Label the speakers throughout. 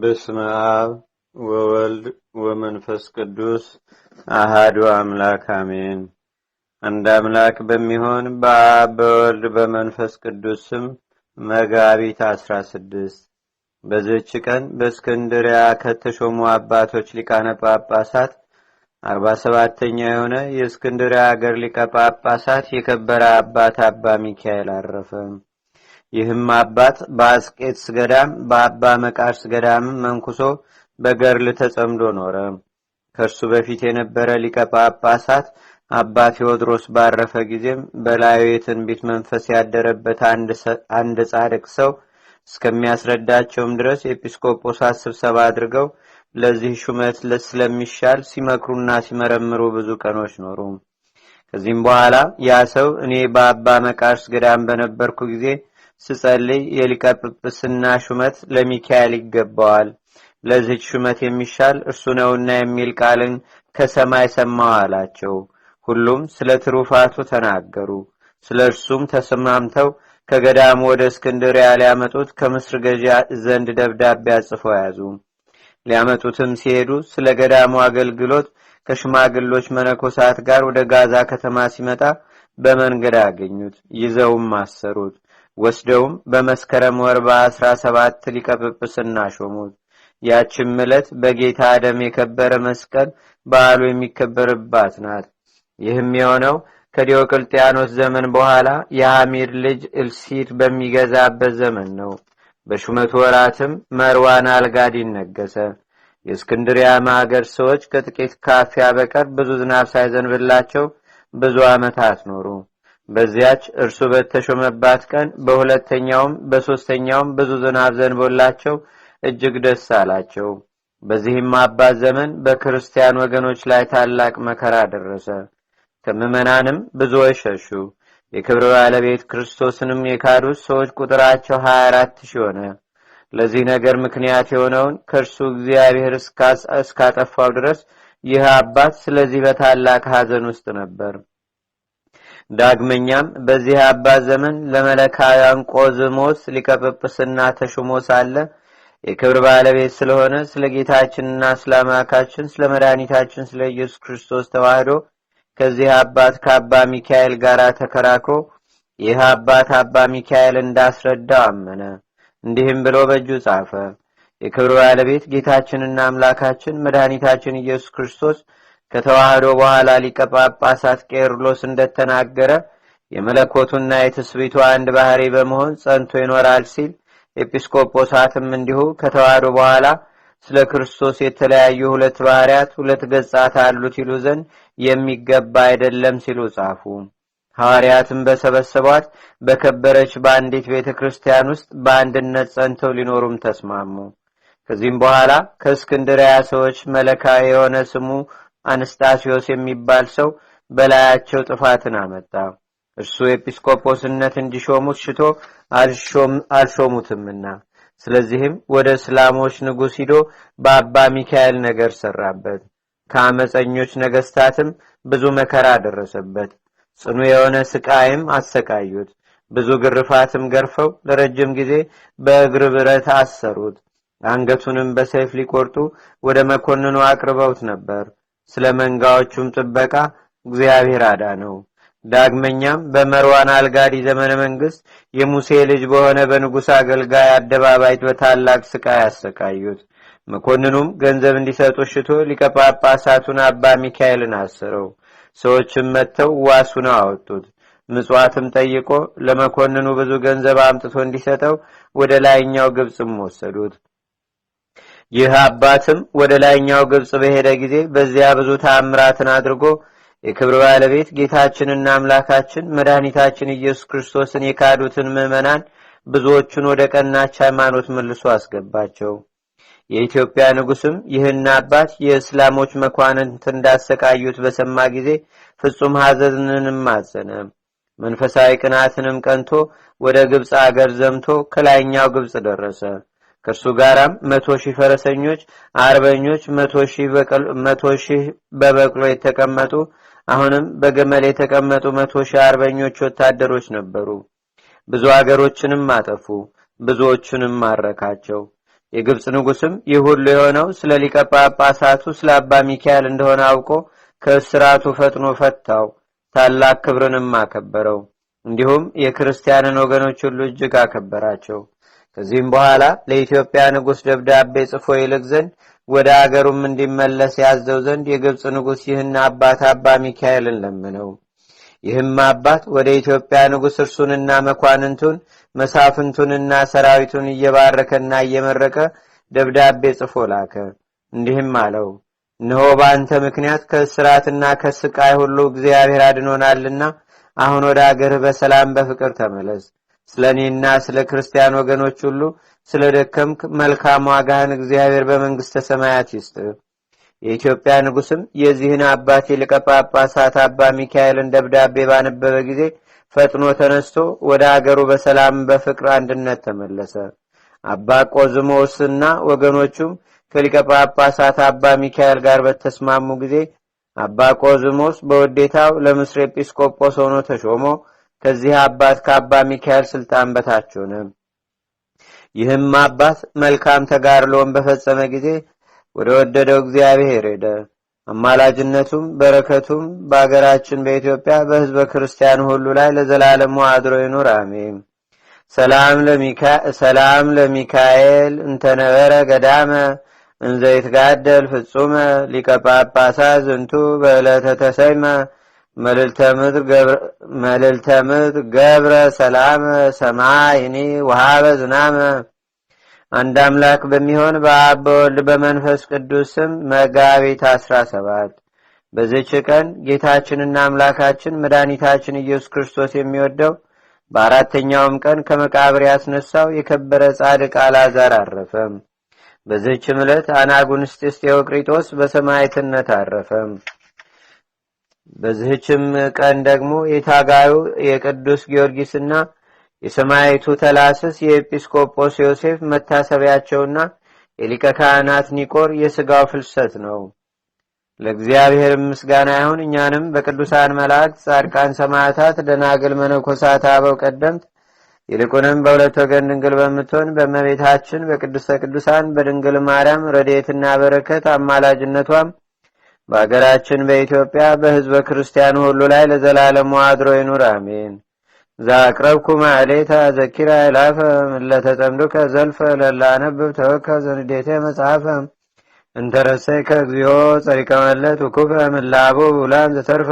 Speaker 1: በስመ አብ ወወልድ ወመንፈስ ቅዱስ አሃዱ አምላክ አሜን። አንድ አምላክ በሚሆን በአብ በወልድ በመንፈስ ቅዱስ ስም መጋቢት አስራ ስድስት በዚህች ቀን በእስክንድሪያ ከተሾሙ አባቶች ሊቃነ ጳጳሳት አርባ ሰባተኛ የሆነ የእስክንድሪያ አገር ሊቀ ጳጳሳት የከበረ አባት አባ ሚካኤል አረፈ። ይህም አባት በአስቄትስ ገዳም በአባ መቃርስ ገዳም መንኩሶ በገርል ተጸምዶ ኖረ። ከእርሱ በፊት የነበረ ሊቀ ጳጳሳት አባ ቴዎድሮስ ባረፈ ጊዜም በላዩ የትንቢት መንፈስ ያደረበት አንድ ጻድቅ ሰው እስከሚያስረዳቸውም ድረስ ኤጲስቆጶሳት ስብሰባ አድርገው ለዚህ ሹመት ስለሚሻል ሲመክሩና ሲመረምሩ ብዙ ቀኖች ኖሩ። ከዚህም በኋላ ያ ሰው እኔ በአባ መቃርስ ገዳም በነበርኩ ጊዜ ስጸልይ የሊቀ ሹመት ለሚካኤል ይገባዋል፣ ለዚች ሹመት የሚሻል እርሱ ነውና የሚል ቃልን ከሰማይ ሰማው አላቸው። ሁሉም ስለ ትሩፋቱ ተናገሩ። ስለ እርሱም ተስማምተው ከገዳሙ ወደ እስክንድርያ ሊያመጡት ከምስር ገዢ ዘንድ ደብዳቤ አጽፎ ያዙ። ሊያመጡትም ሲሄዱ ስለ ገዳሙ አገልግሎት ከሽማግሎች መነኮሳት ጋር ወደ ጋዛ ከተማ ሲመጣ በመንገድ አገኙት፣ ይዘውም አሰሩት። ወስደውም በመስከረም ወር በአስራ ሰባት ሊቀጵጵስና ሾሙት። ያችም ዕለት በጌታ አደም የከበረ መስቀል በዓሉ የሚከበርባት ናት። ይህም የሆነው ከዲዮቅልጥያኖስ ዘመን በኋላ የሐሚድ ልጅ እልሲድ በሚገዛበት ዘመን ነው። በሹመቱ ወራትም መርዋን አልጋዲን ነገሰ። የእስክንድሪያ ማገር ሰዎች ከጥቂት ካፊያ በቀር ብዙ ዝናብ ሳይዘንብላቸው ብዙ ዓመታት ኖሩ። በዚያች እርሱ በተሾመባት ቀን በሁለተኛውም በሦስተኛውም ብዙ ዝናብ ዘንቦላቸው እጅግ ደስ አላቸው። በዚህም አባት ዘመን በክርስቲያን ወገኖች ላይ ታላቅ መከራ ደረሰ። ከምዕመናንም ብዙዎች ሸሹ። የክብር ባለቤት ክርስቶስንም የካዱት ሰዎች ቁጥራቸው 24 ሺህ ሆነ። ለዚህ ነገር ምክንያት የሆነውን ከእርሱ እግዚአብሔር እስካጠፋው ድረስ ይህ አባት ስለዚህ በታላቅ ሐዘን ውስጥ ነበር። ዳግመኛም በዚህ አባ ዘመን ለመለካውያን ቆዝሞስ ሊቀጵጵስና ተሹሞ ሳለ የክብር ባለቤት ስለሆነ ስለ ጌታችንና ስለ አምላካችን ስለ መድኃኒታችን ስለ ኢየሱስ ክርስቶስ ተዋህዶ ከዚህ አባት ከአባ ሚካኤል ጋር ተከራክሮ ይህ አባት አባ ሚካኤል እንዳስረዳው አመነ። እንዲህም ብሎ በእጁ ጻፈ። የክብር ባለቤት ጌታችንና አምላካችን መድኃኒታችን ኢየሱስ ክርስቶስ ከተዋህዶ በኋላ ሊቀ ጳጳሳት ቄርሎስ እንደተናገረ የመለኮቱና የትስቢቱ አንድ ባህሪ በመሆን ጸንቶ ይኖራል ሲል ኤጲስቆጶሳትም እንዲሁ ከተዋህዶ በኋላ ስለ ክርስቶስ የተለያዩ ሁለት ባህርያት ሁለት ገጻት አሉት ይሉ ዘንድ የሚገባ አይደለም ሲሉ ጻፉ። ሐዋርያትም በሰበሰቧት በከበረች በአንዲት ቤተ ክርስቲያን ውስጥ በአንድነት ጸንተው ሊኖሩም ተስማሙ። ከዚህም በኋላ ከእስክንድርያ ሰዎች መለካ የሆነ ስሙ አንስታሲዮስ የሚባል ሰው በላያቸው ጥፋትን አመጣ። እርሱ ኤጲስቆጶስነት እንዲሾሙት ሽቶ አልሾሙትምና፣ ስለዚህም ወደ እስላሞች ንጉሥ ሂዶ በአባ ሚካኤል ነገር ሰራበት። ከአመፀኞች ነገስታትም ብዙ መከራ ደረሰበት። ጽኑ የሆነ ስቃይም አሰቃዩት። ብዙ ግርፋትም ገርፈው ለረጅም ጊዜ በእግር ብረት አሰሩት። አንገቱንም በሰይፍ ሊቆርጡ ወደ መኮንኑ አቅርበውት ነበር። ስለ መንጋዎቹም ጥበቃ እግዚአብሔር አዳ ነው። ዳግመኛም በመርዋን አልጋዲ ዘመነ መንግስት የሙሴ ልጅ በሆነ በንጉሥ አገልጋይ አደባባይ በታላቅ ስቃይ አሰቃዩት። መኮንኑም ገንዘብ እንዲሰጡ ሽቶ ሊቀጳጳሳቱን አባ ሚካኤልን አስረው፣ ሰዎችም መጥተው ነው አወጡት። ምጽዋትም ጠይቆ ለመኮንኑ ብዙ ገንዘብ አምጥቶ እንዲሰጠው ወደ ላይኛው ግብፅም ወሰዱት። ይህ አባትም ወደ ላይኛው ግብፅ በሄደ ጊዜ በዚያ ብዙ ተአምራትን አድርጎ የክብር ባለቤት ጌታችንና አምላካችን መድኃኒታችን ኢየሱስ ክርስቶስን የካዱትን ምዕመናን ብዙዎቹን ወደ ቀናች ሃይማኖት መልሶ አስገባቸው። የኢትዮጵያ ንጉስም ይህን አባት የእስላሞች መኳንንት እንዳሰቃዩት በሰማ ጊዜ ፍጹም ሐዘንንም አዘነ። መንፈሳዊ ቅናትንም ቀንቶ ወደ ግብፅ አገር ዘምቶ ከላይኛው ግብፅ ደረሰ። ከእርሱ ጋራም መቶ ሺህ ፈረሰኞች፣ አርበኞች፣ መቶ ሺህ በበቅሎ የተቀመጡ አሁንም በገመል የተቀመጡ መቶ ሺህ አርበኞች ወታደሮች ነበሩ። ብዙ አገሮችንም አጠፉ፣ ብዙዎቹንም ማረካቸው። የግብፅ ንጉስም ይህ ሁሉ የሆነው ስለ ሊቀ ጳጳሳቱ ስለ አባ ሚካኤል እንደሆነ አውቆ ከእስራቱ ፈጥኖ ፈታው፣ ታላቅ ክብርንም አከበረው። እንዲሁም የክርስቲያንን ወገኖች ሁሉ እጅግ አከበራቸው። ከዚህም በኋላ ለኢትዮጵያ ንጉሥ ደብዳቤ ጽፎ ይልክ ዘንድ ወደ አገሩም እንዲመለስ ያዘው ዘንድ የግብፅ ንጉሥ ይህን አባት አባ ሚካኤልን ለምነው ይህም አባት ወደ ኢትዮጵያ ንጉሥ እርሱንና መኳንንቱን መሳፍንቱንና ሰራዊቱን እየባረከና እየመረቀ ደብዳቤ ጽፎ ላከ። እንዲህም አለው፣ እነሆ በአንተ ምክንያት ከእስራትና ከስቃይ ሁሉ እግዚአብሔር አድኖናልና አሁን ወደ አገርህ በሰላም በፍቅር ተመለስ። ስለ እኔና ስለ ክርስቲያን ወገኖች ሁሉ ስለ ደከምክ መልካም ዋጋህን እግዚአብሔር በመንግሥተ ሰማያት ይስጥ። የኢትዮጵያ ንጉሥም የዚህን አባት ሊቀ ጳጳሳት አባ ሚካኤልን ደብዳቤ ባነበበ ጊዜ ፈጥኖ ተነስቶ ወደ አገሩ በሰላም በፍቅር አንድነት ተመለሰ። አባ ቆዝሞስና ወገኖቹም ከሊቀ ጳጳሳት አባ ሚካኤል ጋር በተስማሙ ጊዜ አባ ቆዝሞስ በውዴታው ለምስር ኤጲስቆጶስ ሆኖ ተሾመው ከዚህ አባት ከአባ ሚካኤል ስልጣን በታች ሆነ። ይህም አባት መልካም ተጋድሎን በፈጸመ ጊዜ ወደ ወደደው እግዚአብሔር ሄደ። አማላጅነቱም በረከቱም በአገራችን በኢትዮጵያ በሕዝበ ክርስቲያን ሁሉ ላይ ለዘላለሙ አድሮ ይኑር፣ አሜን። ሰላም ለሚካኤል እንተነበረ ገዳመ እንዘይትጋደል ፍጹመ ሊቀ ጳጳሳት ዝንቱ በዕለተ ተሰይመ መልልተምት ገብረ ሰላም ሰማይኒ ውሃበ ዝናመ አንድ አምላክ በሚሆን በአብ በወልድ በመንፈስ ቅዱስ ስም መጋቢት አስራ ሰባት በዝች ቀን ጌታችንና አምላካችን መድኃኒታችን ኢየሱስ ክርስቶስ የሚወደው በአራተኛውም ቀን ከመቃብር ያስነሳው የከበረ ጻድቅ አላዛር አረፈ። በዝች ምለት አናጉንስጢስ ቴዎቅሪጦስ በሰማይትነት አረፈም። በዚህችም ቀን ደግሞ የታጋዩ የቅዱስ ጊዮርጊስና የሰማይቱ ተላስስ የኤጲስቆጶስ ዮሴፍ መታሰቢያቸውና የሊቀ ካህናት ኒቆር የሥጋው ፍልሰት ነው። ለእግዚአብሔር ምስጋና ይሁን። እኛንም በቅዱሳን መላእክት፣ ጻድቃን፣ ሰማዕታት፣ ደናግል፣ መነኮሳት፣ አበው ቀደምት ይልቁንም በሁለት ወገን ድንግል በምትሆን በእመቤታችን በቅድስተ ቅዱሳን በድንግል ማርያም ረድኤትና በረከት አማላጅነቷም በአገራችን በኢትዮጵያ በህዝበ ክርስቲያን ሁሉ ላይ ለዘላለሙ አድሮ ይኑር፣ አሜን። ዛቅረብኩ ማዕሌታ ዘኪራ ይላፈ ለተጠምዱከ ዘልፈ ለላነብብ ተወከ ዘንዴቴ መጽሐፈ እንተረሰይ ከእግዚኦ ጸሪቀመለት ውኩፈ ምላቡ ውላን ዘተርፈ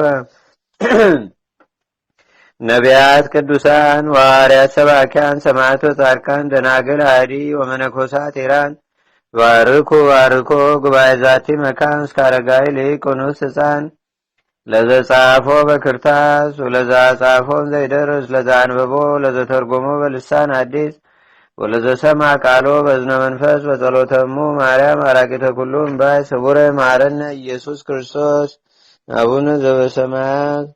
Speaker 1: ነቢያት፣ ቅዱሳን፣ ዋርያት፣ ሰባኪያን፣ ሰማዕቶ፣ ጻድቃን፣ ደናግል፣ አዲ ወመነኮሳት ኢራን ባርኩ ባርኮ ጉባኤ ዛቲ መካን እስካረጋይ ሊቁኑስ ህፃን ለዘጻፎ በክርታስ ወለዛ ጻፎን ዘይደርስ ለዛ አንብቦ ለዘተርጎሞ በልሳን አዲስ ወለዘሰማ ቃሎ በዝነ መንፈስ በጸሎተሙ ማርያም አራቂተ ኩሉም ባይ ስቡረ ማረነ ኢየሱስ ክርስቶስ አቡነ ዘበሰማያት